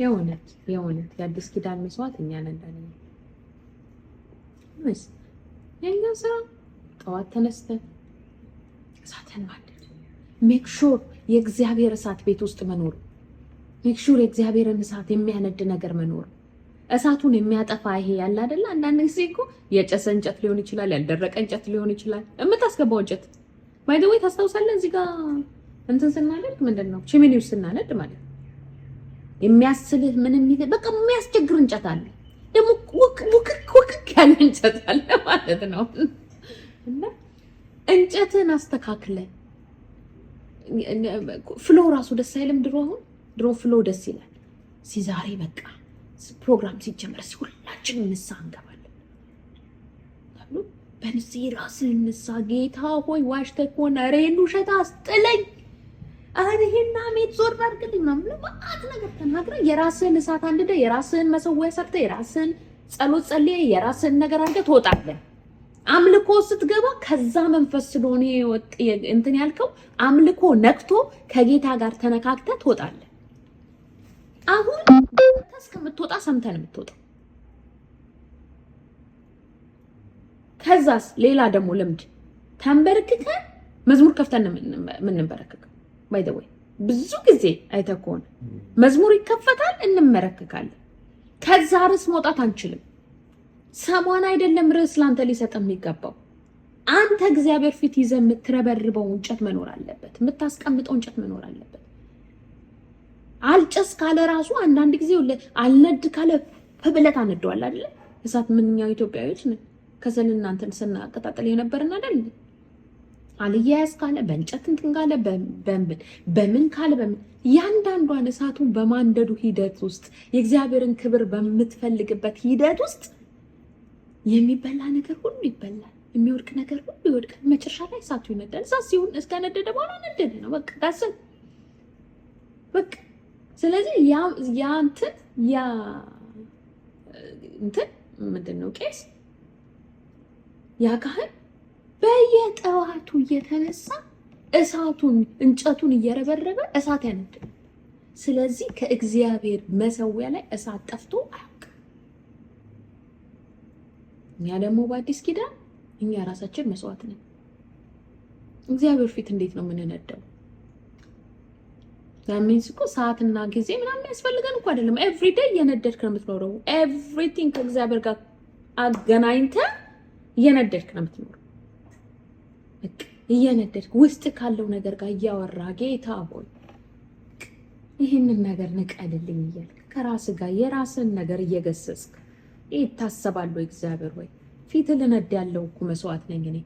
የእውነት የእውነት የአዲስ ኪዳን መስዋዕት እኛ ነን። ዳንኤል የእኛ ስራ ጠዋት ተነስተን እሳትን ማደድ፣ ሜክ ሹር የእግዚአብሔር እሳት ቤት ውስጥ መኖር፣ ሜክ ሹር የእግዚአብሔርን እሳት የሚያነድ ነገር መኖር፣ እሳቱን የሚያጠፋ ይሄ ያለ አይደለ። አንዳንድ ጊዜ እኮ የጨሰ እንጨት ሊሆን ይችላል፣ ያልደረቀ እንጨት ሊሆን ይችላል። የምታስገባው እንጨት ባይ ዘ ወይ ታስታውሳለህ? እዚህ ጋር እንትን ስናነድ ምንድን ነው ቺሚኒው ስናነድ ማለት ነው የሚያስልህ ምን ይዘህ በቃ የሚያስቸግር እንጨት አለ፣ ደግሞ ውክክ ውክክ ያለ እንጨት አለ ማለት ነው። እና እንጨትን አስተካክለ ፍሎ ራሱ ደስ አይልም። ድሮ አሁን ድሮ ፍሎ ደስ ይላል። ሲዛሬ በቃ ፕሮግራም ሲጀመር ሲሁላችን እንሳ እንገባለን። በንስ ራስን እንሳ። ጌታ ሆይ ዋሽተህ ከሆነ ሬን ውሸት አስጥለኝ አረ ይሄና ሜት ዞር አድርግልኝ ነው ምንም ማአት ነገር ተናግረ የራስህን እሳት አንድደ የራስህን መሰዊያ ሰርተ የራስህን ጸሎት ጸልየ የራስህን ነገር አድርገህ ትወጣለህ። አምልኮ ስትገባ ከዛ መንፈስ ስለሆነ እንትን ያልከው አምልኮ ነክቶ ከጌታ ጋር ተነካክተ ትወጣለህ። አሁን እስከምትወጣ ሰምተን የምትወጣ ከዛስ ሌላ ደግሞ ልምድ ተንበርክከን መዝሙር ከፍተን የምንበረክከው ባይዘወይ ብዙ ጊዜ አይተህ ከሆነ መዝሙር ይከፈታል፣ እንመረክካለን። ከዛ ርዕስ መውጣት አንችልም። ሰሞን አይደለም ርዕስ ለአንተ ሊሰጥ የሚገባው አንተ እግዚአብሔር ፊት ይዘህ የምትረበርበው እንጨት መኖር አለበት። የምታስቀምጠው እንጨት መኖር አለበት። አልጨስ ካለ ራሱ አንዳንድ ጊዜ አልነድ ካለ ህብለት አነደዋል አይደለ? እሳት ምንኛው ኢትዮጵያዊዎች ነን ከሰል እናንተን ስናቀጣጠል የነበርን አይደል? አልያያዝ ካለ በእንጨት እንትን ካለ በምን በምን ካለ በምን እያንዳንዷን እሳቱን በማንደዱ ሂደት ውስጥ የእግዚአብሔርን ክብር በምትፈልግበት ሂደት ውስጥ የሚበላ ነገር ሁሉ ይበላል፣ የሚወድቅ ነገር ሁሉ ይወድቃል። መጨረሻ ላይ እሳቱ ይነዳል። እሳት ሲሆን እስከነደደ በኋላ ነደደ ነው በቃ ዳስን በቃ ስለዚህ ያ እንትን ያ እንትን ምንድን ነው ቄስ ያ ካህን በየጠዋቱ እየተነሳ እሳቱን እንጨቱን እየረበረበ እሳት ያነድ። ስለዚህ ከእግዚአብሔር መሰዊያ ላይ እሳት ጠፍቶ አያውቅም። እኛ ደግሞ በአዲስ ኪዳን እኛ ራሳችን መስዋዕት ነን። እግዚአብሔር ፊት እንዴት ነው የምንነደው? ለሚንስ እኮ ሰዓትና ጊዜ ምናምን ያስፈልገን እኮ አይደለም። ኤቭሪዴይ እየነደድክ ነው የምትኖረው። ኤቭሪቲንግ ከእግዚአብሔር ጋር አገናኝተ እየነደድክ ነው የምትኖረው። እየነደድክ ውስጥ ካለው ነገር ጋር እያወራ ጌታ ሆይ ይህንን ነገር ንቀልልኝ እያልክ ከራስ ጋር የራስን ነገር እየገሰስክ ይታሰባሉ። እግዚአብሔር ወይ ፊት ልነድ ያለው እኮ መስዋዕት ነኝ እኔ።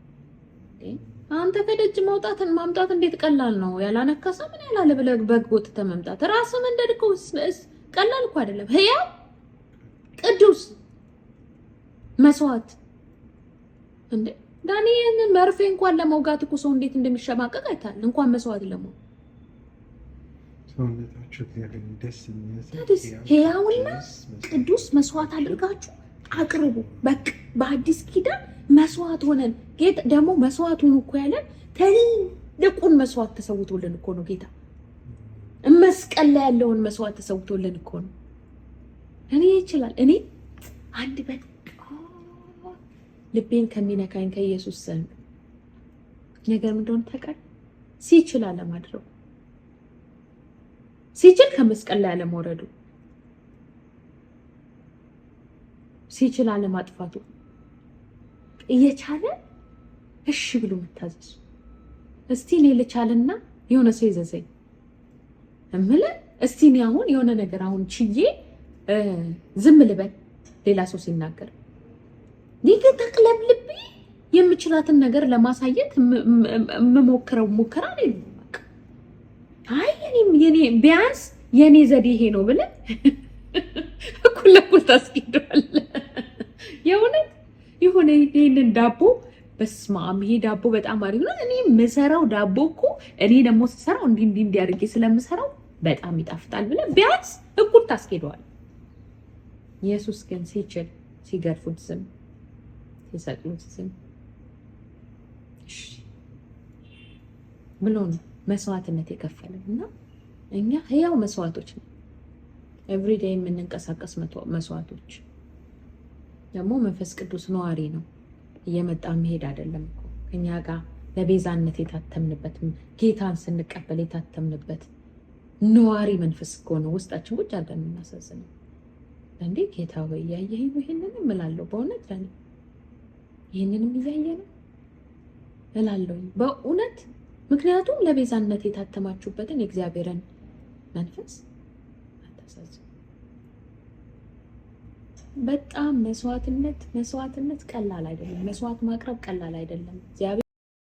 አንተ ከደጅ መውጣትን ማምጣት እንዴት ቀላል ነው? ያላነከሰ ምን ያላለ ብለህ በግ ወጥተህ መምጣት ራስ መንደድ እኮ ቀላል እኮ አይደለም። ህያ ቅዱስ መስዋዕት እንዴ ዳኒ ይህንን መርፌ እንኳን ለመውጋት እኮ ሰው እንዴት እንደሚሸማቀቅ አይታል። እንኳን መስዋዕት ለሞ ሕያውና ቅዱስ መስዋዕት አድርጋችሁ አቅርቡ። በቃ በአዲስ ኪዳን መስዋዕት ሆነን ጌታ ደግሞ መስዋዕት ሆኑ እኮ ያለን ትልቁን መስዋዕት ተሰውቶልን እኮ ነው ጌታ መስቀል ላይ ያለውን መስዋዕት ተሰውቶልን እኮ ነው። እኔ ይችላል እኔ አንድ በ ልቤን ከሚነካኝ ከኢየሱስ ዘንድ ነገር ምን ተቀር ሲችል አለማድረጉ ሲችል ከመስቀል ላይ አለመውረዱ ሲችል አለማጥፋቱ እየቻለ እሺ ብሎ መታዘዙ። እስቲ እኔ ልቻልና የሆነ ሰው ይዘዘኝ እምልህ እስቲ እኔ አሁን የሆነ ነገር አሁን ችዬ ዝም ልበል ሌላ ሰው ሲናገር ግን ተቅለብልቤ የምችላትን ነገር ለማሳየት የምሞክረው ሙከራ ነው። አይ የኔ ቢያንስ የኔ ዘዴ ይሄ ነው ብለን እኩል ለኩል ታስኬደዋለህ። የእውነት የሆነ ይህንን ዳቦ በስማም ይሄ ዳቦ በጣም አሪፍ ነው። እኔ የምሰራው ዳቦ እኮ እኔ ደግሞ ስሰራው እንዲህ እንዲህ እንዲህ አድርጌ ስለምሰራው በጣም ይጣፍጣል ብለህ ቢያንስ እኩል ታስኬደዋለህ። ኢየሱስ ግን ሲችል ሲገርፉት ዝም ሲሰቅሉት ዝም ብሎ ነው መስዋዕትነት የከፈለው እና እኛ ህያው መስዋዕቶች ነው ኤቭሪዴይ የምንንቀሳቀስ መስዋዕቶች ደግሞ መንፈስ ቅዱስ ነዋሪ ነው። እየመጣ መሄድ አይደለም እኮ እኛ ጋር ለቤዛነት የታተምንበት ጌታን ስንቀበል የታተምንበት ነዋሪ መንፈስ ከሆነ ውስጣችን ቁጭ አድርገን የምናሳዝነው እንዴ ጌታ ወይ ያየህ ይሄንን እምላለሁ በእውነት ለኔ ይህንንም እያየ ነው እላለሁ በእውነት ምክንያቱም ለቤዛነት የታተማችሁበትን የእግዚአብሔርን መንፈስ አታሳዝኑ። በጣም መስዋዕትነት መስዋዕትነት ቀላል አይደለም። መስዋዕት ማቅረብ ቀላል አይደለም። እግዚአብሔር